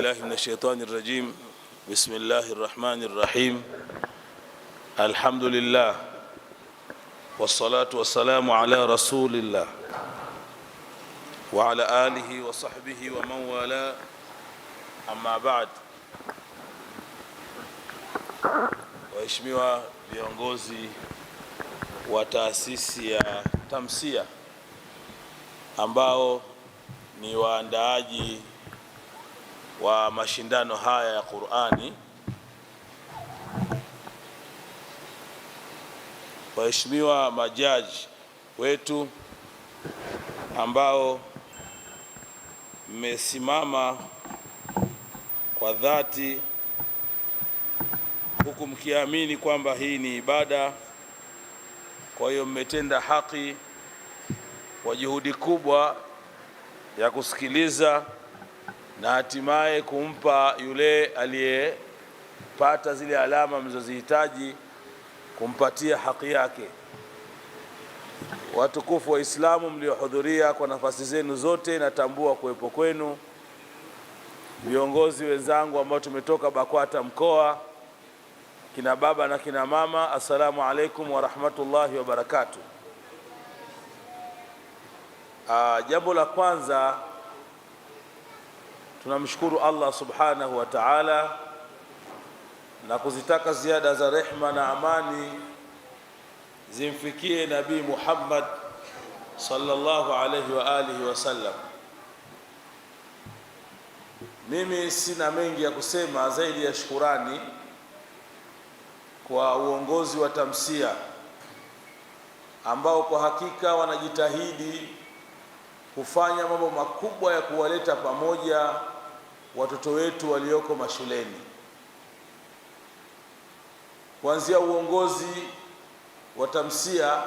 billahi minash shaitani rajim bismillahi rrahmani rrahim alhamdulillah wassalatu wassalamu ala rasulillah wa ala alihi wa sahbihi wa man wala amma ba'd waheshimiwa viongozi wa taasisi ya tamsia ambao ni waandaaji wa mashindano haya ya Qur'ani. Waheshimiwa majaji wetu ambao mmesimama kwa dhati huku mkiamini kwamba hii ni ibada, kwa hiyo mmetenda haki kwa juhudi kubwa ya kusikiliza na hatimaye kumpa yule aliyepata zile alama mlizozihitaji, kumpatia haki yake. Watukufu Waislamu mliohudhuria kwa nafasi zenu zote, natambua kuwepo kwenu. Viongozi wenzangu ambao tumetoka BAKWATA mkoa, kina baba na kina mama, assalamu alaikum warahmatullahi wabarakatuh. Ah, jambo la kwanza Tunamshukuru Allah subhanahu wa ta'ala na kuzitaka ziada za rehma na amani zimfikie Nabii Muhammad sallallahu alayhi wa alihi sallam. Mimi sina mengi ya kusema zaidi ya shukurani kwa uongozi wa tamsia ambao kwa hakika wanajitahidi kufanya mambo makubwa ya kuwaleta pamoja watoto wetu walioko mashuleni, kuanzia uongozi wa tamsia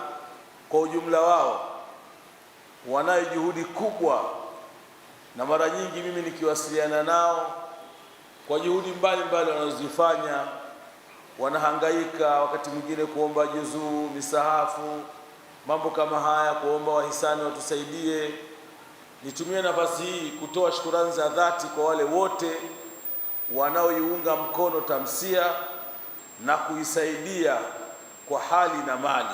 kwa ujumla wao wanayo juhudi kubwa, na mara nyingi mimi nikiwasiliana nao kwa juhudi mbalimbali wanazozifanya, wanahangaika wakati mwingine kuomba juzuu, misahafu, mambo kama haya, kuomba wahisani watusaidie Nitumie nafasi hii kutoa shukurani za dhati kwa wale wote wanaoiunga mkono Tamsia na kuisaidia kwa hali na mali.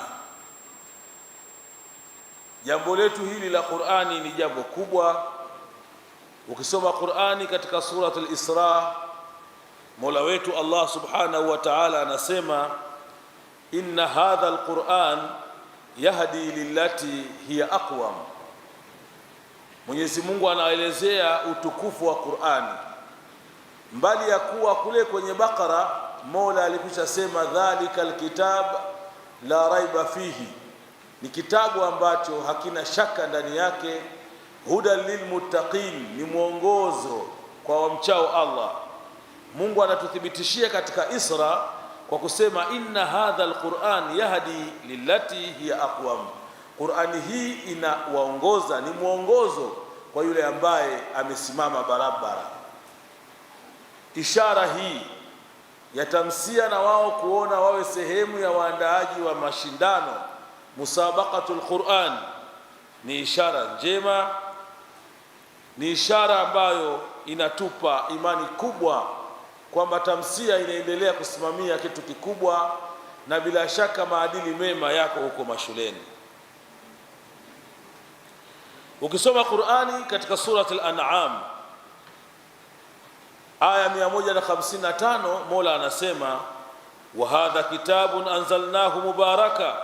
Jambo letu hili la Qur'ani ni jambo kubwa. Ukisoma Qur'ani katika suratul Isra, Mola wetu Allah Subhanahu wa Ta'ala anasema, inna hadha alquran yahdi lillati hiya aqwam Mwenyezi Mungu anaelezea utukufu wa Qur'ani. Mbali ya kuwa kule kwenye Bakara Mola sema dhalika alkitab la raiba fihi, ni kitabu ambacho hakina shaka ndani yake. Hudan lilmuttaqin, ni mwongozo kwa wamchao Allah. Mungu anatuthibitishia katika Isra kwa kusema inna hadha alquran yahdi lillati hiya aqwam Qur'ani hii inawaongoza, ni mwongozo kwa yule ambaye amesimama barabara. Ishara hii ya tamsia na wao kuona wawe sehemu ya waandaaji wa mashindano musabaqatul Qur'an ni ishara njema, ni ishara ambayo inatupa imani kubwa kwamba tamsia inaendelea kusimamia kitu kikubwa, na bila shaka maadili mema yako huko mashuleni. Ukisoma Qur'ani katika surat al-An'am aya 155 Mola anasema wa hadha kitabun anzalnahu mubaraka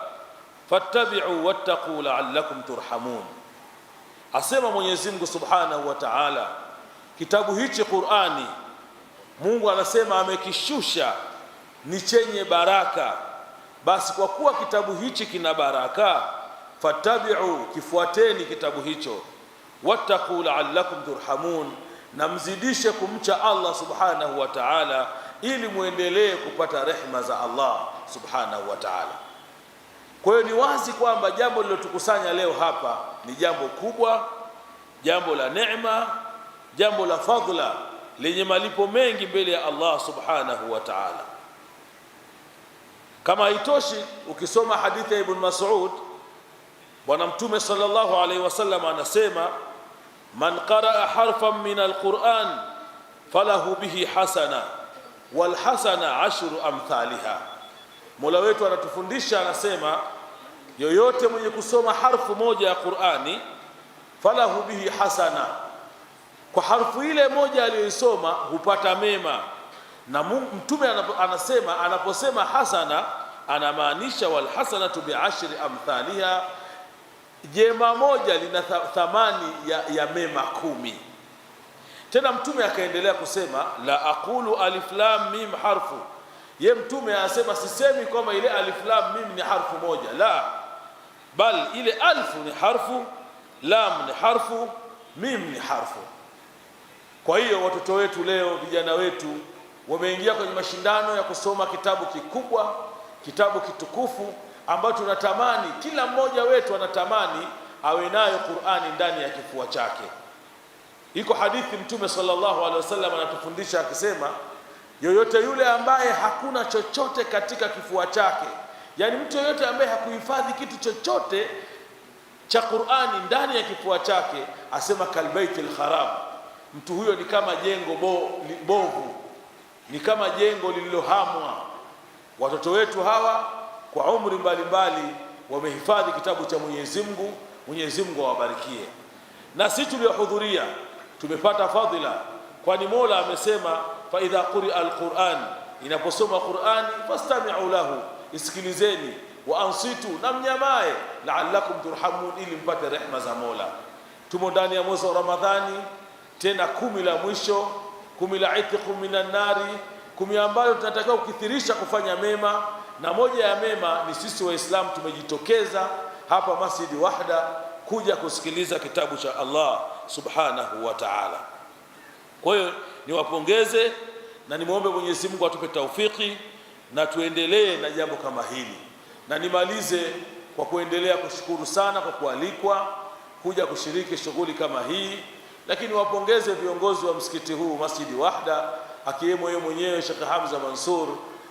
fattabi'u wattaqu la'allakum turhamun, asema Mwenyezi Mungu Subhanahu wa Ta'ala, kitabu hichi Qur'ani Mungu anasema amekishusha ni chenye baraka. Basi kwa kuwa kitabu hichi kina baraka fatabiu kifuateni kitabu hicho, wattaqu la'allakum turhamun, na mzidishe kumcha Allah subhanahu wa ta'ala, ili muendelee kupata rehma za Allah subhanahu wa ta'ala. Kwa hiyo ni wazi kwamba jambo lilotukusanya leo hapa ni jambo kubwa, jambo la neema, jambo la fadhila lenye malipo mengi mbele ya Allah subhanahu wa ta'ala. Kama haitoshi, ukisoma hadithi ya Ibn Mas'ud Bwana Mtume sallallahu alaihi wasallam anasema man qaraa harfan min alquran falahu bihi hasana walhasana ashru amthaliha. Mola wetu anatufundisha anasema, yoyote mwenye kusoma harfu moja ya Qurani falahu bihi hasana, kwa harfu ile moja aliyoisoma hupata mema. Na Mtume anasema, anaposema hasana anamaanisha walhasanatu biashri amthaliha jema moja lina thamani ya, ya mema kumi. Tena Mtume akaendelea kusema la aqulu alif lam mim harfu, ye Mtume anasema sisemi kwamba ile alif lam mim ni harfu moja, la bal ile alfu ni harfu, lam ni harfu, mim ni harfu. Kwa hiyo watoto wetu leo, vijana wetu wameingia kwenye mashindano ya kusoma kitabu kikubwa, kitabu kitukufu ambayo tunatamani kila mmoja wetu anatamani awe nayo Qur'ani ndani ya kifua chake. Iko hadithi Mtume sallallahu alaihi wasallam anatufundisha akisema, yoyote yule ambaye hakuna chochote katika kifua chake, yaani mtu yoyote ambaye hakuhifadhi kitu chochote cha Qur'ani ndani ya kifua chake, asema kalbaitil kharab, mtu huyo ni kama jengo bo, bovu, ni kama jengo lililohamwa. Watoto wetu hawa kwa umri mbalimbali wamehifadhi kitabu cha Mwenyezi Mungu. Mwenyezi Mungu awabarikie. Na sisi tuliohudhuria tumepata fadhila, kwani Mola amesema fa idha quria alquran, inaposoma Qurani fastamiu lahu, isikilizeni wa ansitu, na mnyamae, laalakum turhamun, ili mpate rehma za Mola. Tumo ndani ya mwezi wa Ramadhani, tena kumi la mwisho, kumi la ithiqu minan nari, kumi ambayo tunatakiwa kukithirisha kufanya mema na moja ya mema ni sisi Waislamu tumejitokeza hapa Masjidi Wahda kuja kusikiliza kitabu cha Allah subhanahu wa ta'ala. Kwa hiyo niwapongeze na nimwombe Mwenyezi Mungu atupe taufiki na tuendelee na jambo kama hili, na nimalize kwa kuendelea kushukuru sana kwa kualikwa kuja kushiriki shughuli kama hii, lakini wapongeze viongozi wa msikiti huu Masjidi Wahda, akiwemo yeye mwenyewe Sheikh Hamza Mansur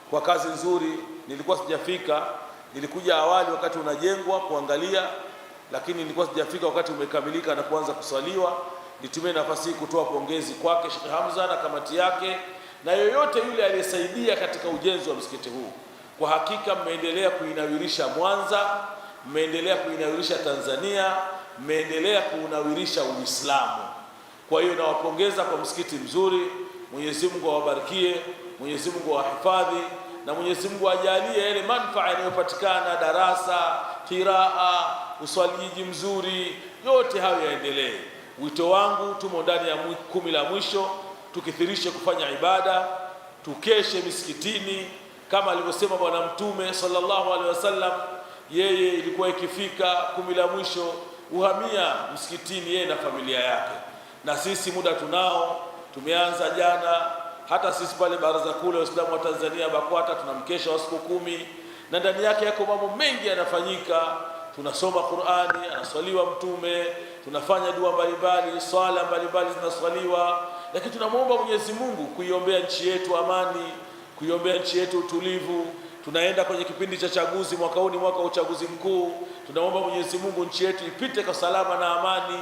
kwa kazi nzuri. Nilikuwa sijafika, nilikuja awali wakati unajengwa kuangalia, lakini nilikuwa sijafika wakati umekamilika na kuanza kusaliwa. Nitumie nafasi hii kutoa pongezi kwake Sheikh Hamza na kamati yake na yoyote yule aliyesaidia katika ujenzi wa msikiti huu. Kwa hakika mmeendelea kuinawirisha Mwanza, mmeendelea kuinawirisha Tanzania, mmeendelea kuunawirisha Uislamu. Kwa hiyo nawapongeza kwa msikiti mzuri. Mwenyezi Mungu awabarikie, Mwenyezi Mungu awahifadhi na Mwenyezi Mungu ajalie yale manufaa yanayopatikana darasa, kiraa, uswaliji mzuri, yote hayo yaendelee. Wito wangu, tumo ndani ya kumi la mwisho, tukithirishe kufanya ibada, tukeshe misikitini kama alivyosema Bwana Mtume sallallahu alaihi wasallam. Yeye ilikuwa ikifika kumi la mwisho uhamia msikitini, yeye na familia yake, na sisi muda tunao Tumeanza jana, hata sisi pale Baraza Kuu la Waislamu wa Tanzania BAKWATA tuna mkesha wa siku kumi na ndani yake yako mambo mengi yanafanyika. Tunasoma Qur'ani, anaswaliwa Mtume, tunafanya dua mbalimbali, swala mbalimbali zinaswaliwa, lakini tunamwomba Mwenyezi Mungu kuiombea nchi yetu amani, kuiombea nchi yetu utulivu. Tunaenda kwenye kipindi cha chaguzi, mwaka huu ni mwaka wa uchaguzi mkuu. Tunamwomba Mwenyezi Mungu nchi yetu ipite kwa salama na amani,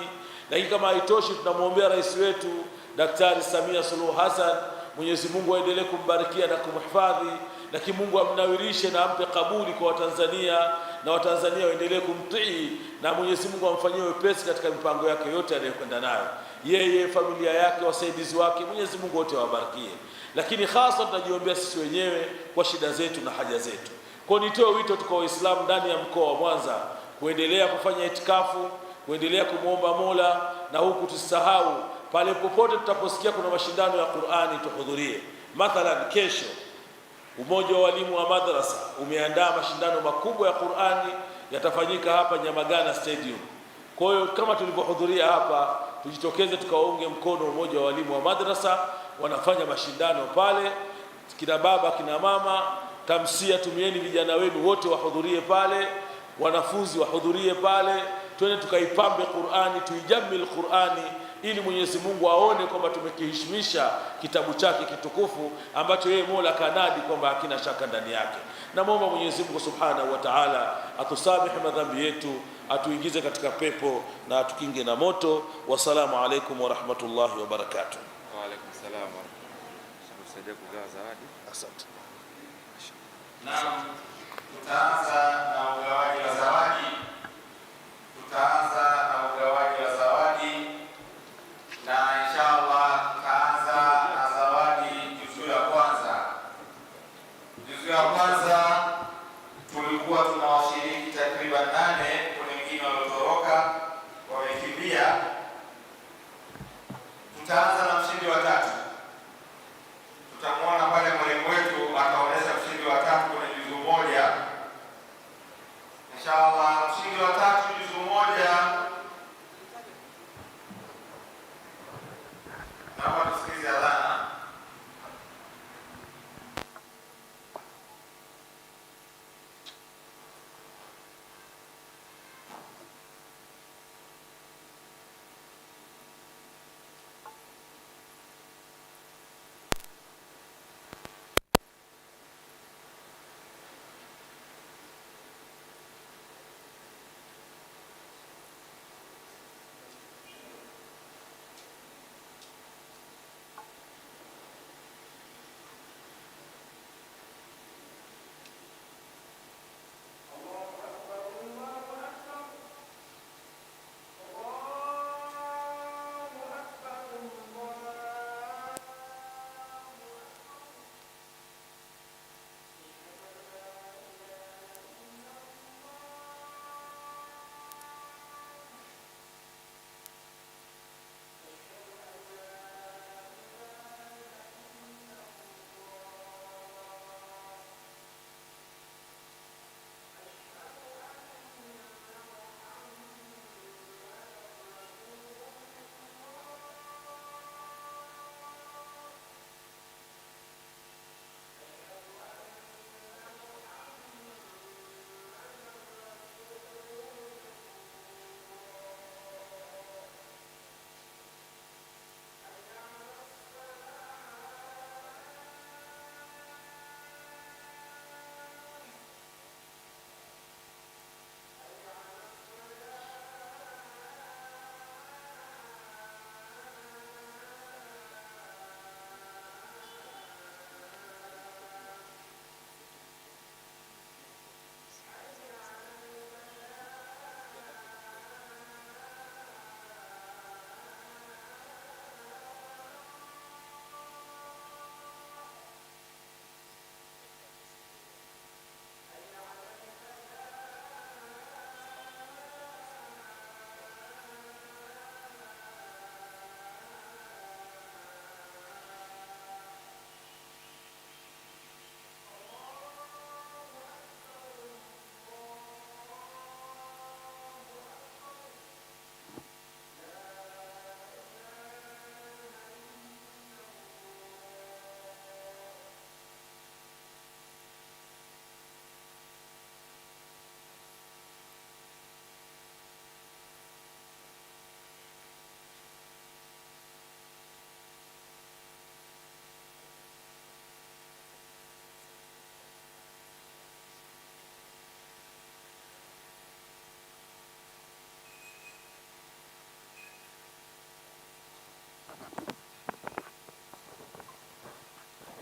lakini kama haitoshi, tunamwombea rais wetu Daktari Samia Suluhu Hassan, Mwenyezi Mungu aendelee kumbarikia na kumhifadhi, na kimungu amnawirishe na ampe kabuli kwa Watanzania na Watanzania waendelee kumtii na Mwenyezi Mungu amfanyie wepesi katika mipango yake yote anayokwenda nayo, yeye, familia yake, wasaidizi wake, Mwenyezi Mungu wote awabarikie. Lakini hasa tunajiombea sisi wenyewe kwa shida zetu na haja zetu. Kwa nitoe wito tu kwa Waislamu ndani ya mkoa wa Mwanza kuendelea kufanya itikafu, kuendelea kumwomba Mola na huku tusisahau pale popote tutaposikia kuna mashindano ya Qur'ani tuhudhurie. Mathalan, kesho umoja wa walimu wa madrasa umeandaa mashindano makubwa ya Qur'ani, yatafanyika hapa Nyamagana Stadium. Kwa hiyo kama tulivyohudhuria hapa, tujitokeze tukawaunge mkono umoja wa walimu wa madrasa, wanafanya mashindano pale. Kina baba, kina mama, tamsia, tumieni vijana wenu wote wahudhurie pale, wanafunzi wahudhurie pale, twende tukaipambe Qur'ani, tuijamil Qur'ani ili Mwenyezi Mungu aone kwamba tumekiheshimisha kitabu chake kitukufu ambacho yeye Mola kanadi kwamba hakina shaka ndani yake. Namwomba Mwenyezi Mungu Subhanahu wa Ta'ala atusamehe madhambi yetu, atuingize katika pepo na atukinge na moto. Wassalamu alaikum wa rahmatullahi wa barakatuh. Wa alaikum salaam. Tusaidie kugawa zawadi. Asante. Naam, tutaanza na ugawaji wa zawadi.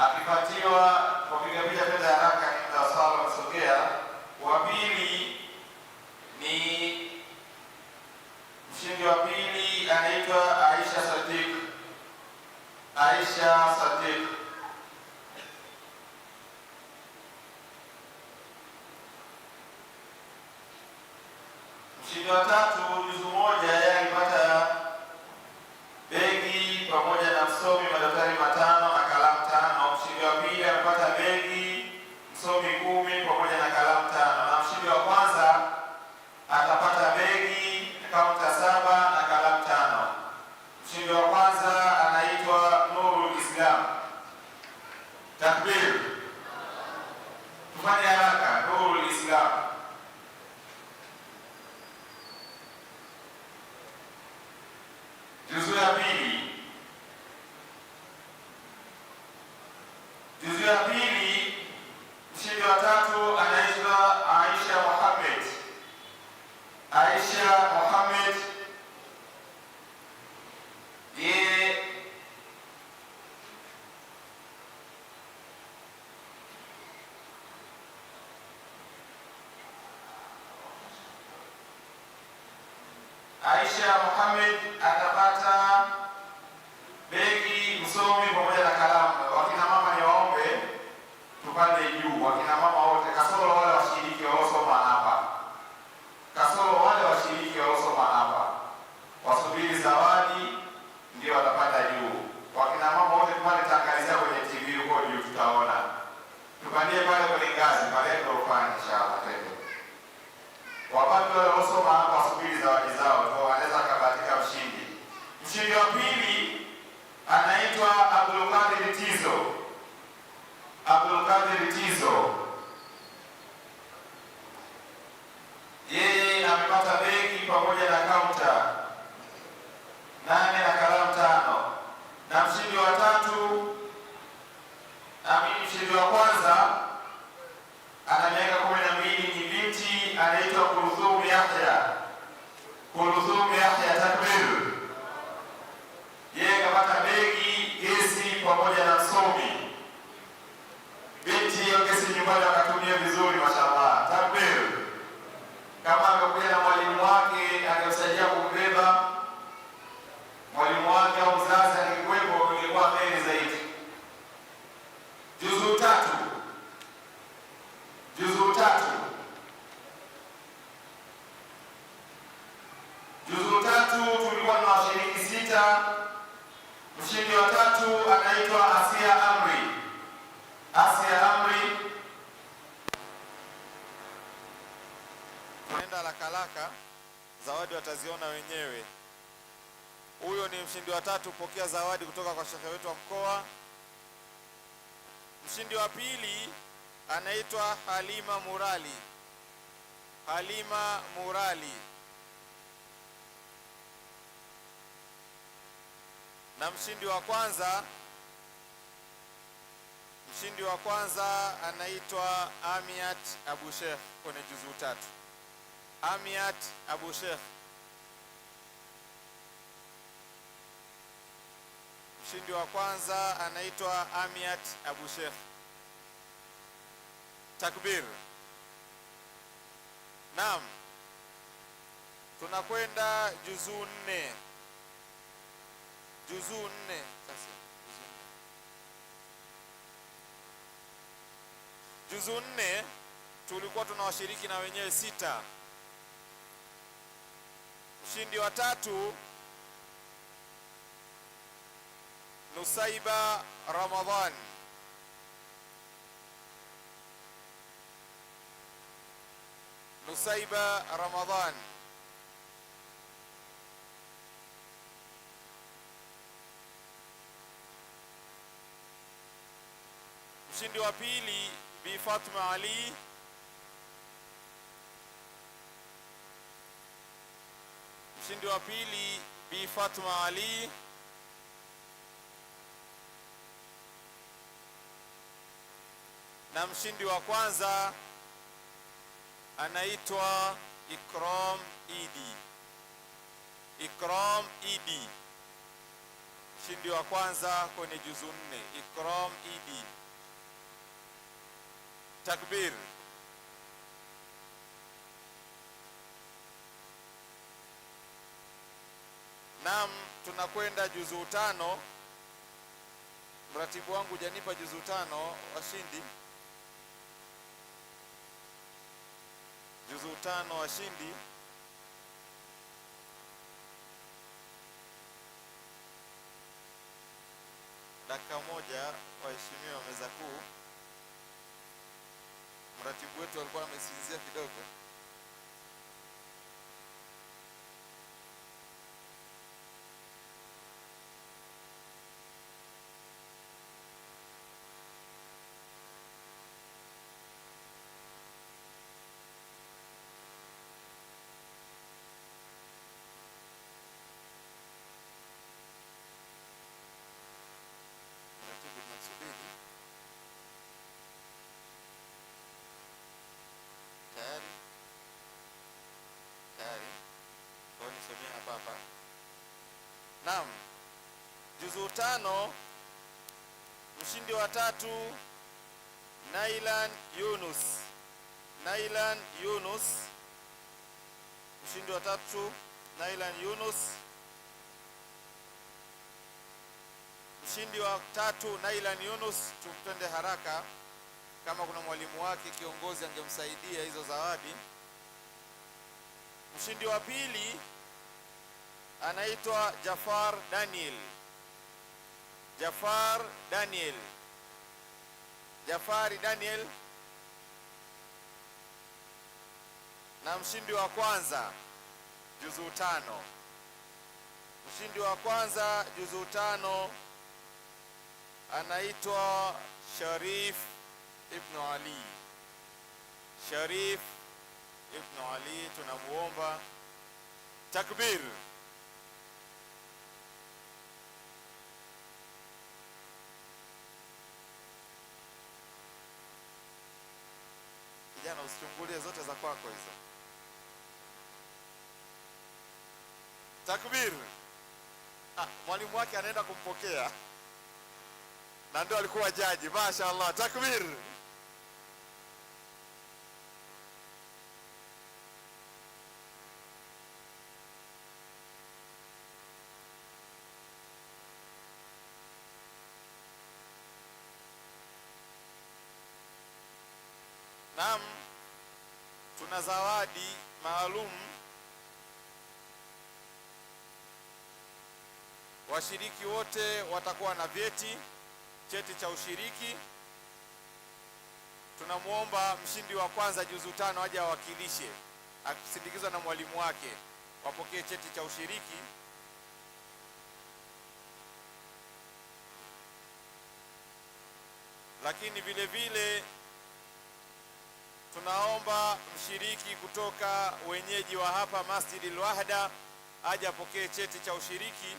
akipatiwa wapiga picha kwenda haraka na swala kusogea. Wa pili ni mshindi wa pili anaitwa Aisha Sadiq. Aisha Takbir! Tufanye haraka. anaitwa Kulthum Yahya, Kulthum Yahya Takbir. Yeye kapata begi, gesi pamoja na somi Binti hiyo gesi nyumbani wakati haraka haraka, zawadi wataziona wenyewe. Huyo ni mshindi wa tatu kupokea zawadi kutoka kwa shekhe wetu wa mkoa. Mshindi wa pili anaitwa Halima Murali. Halima Murali, na mshindi wa kwanza mshindi wa kwanza anaitwa Amiat Abu Sheikh kwenye juzuu tatu. Amiat Abu Sheikh, mshindi wa kwanza anaitwa Amiat Abu Sheikh. Takbir! Naam, tunakwenda juzuu nne, juzuu nne sasa juzuu nne tulikuwa tunawashiriki na wenyewe sita. Mshindi wa tatu Nusaiba Ramadhan. Nusaiba Ramadhan. Mshindi wa pili Bi Fatma Ali. Mshindi wa pili Bi Fatma Ali. Na mshindi wa kwanza anaitwa Ikram Idi. Ikram Idi. Mshindi wa kwanza kwenye juzu nne, Ikram Idi. Takbir. Naam, tunakwenda juzuu tano. Mratibu wangu hujanipa juzuu tano, washindi juzuu tano, washindi dakika moja, waheshimiwa meza kuu. Mratibu wetu alikuwa amesinzia kidogo. tano. Mshindi wa tatu Nailan Yunus, Nailan Yunus, mshindi wa tatu Nailan Yunus, mshindi wa tatu Nailan Yunus. tutende haraka, kama kuna mwalimu wake kiongozi angemsaidia hizo zawadi. Mshindi wa pili anaitwa Jafar Daniel. Jafar Daniel, Jafari Daniel na mshindi wa kwanza juzuu tano, mshindi wa kwanza juzuu tano anaitwa Sharif Ibn Ali. Sharif Ibn Ali, tunamuomba takbir. za kwako hizo. Takbir! Ah, mwalimu wake anaenda kumpokea na ndio alikuwa jaji. Mashaallah, takbir! idadi maalum washiriki wote watakuwa na vyeti, cheti cha ushiriki. Tunamwomba mshindi wa kwanza juzu tano aje awakilishe akisindikizwa na mwalimu wake, wapokee cheti cha ushiriki. Lakini vile vile tunaomba mshiriki kutoka wenyeji wa hapa al Wahda aje apokee cheti cha ushiriki.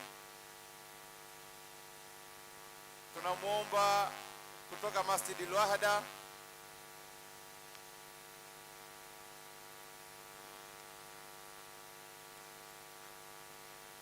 Tunamwomba kutoka al Wahda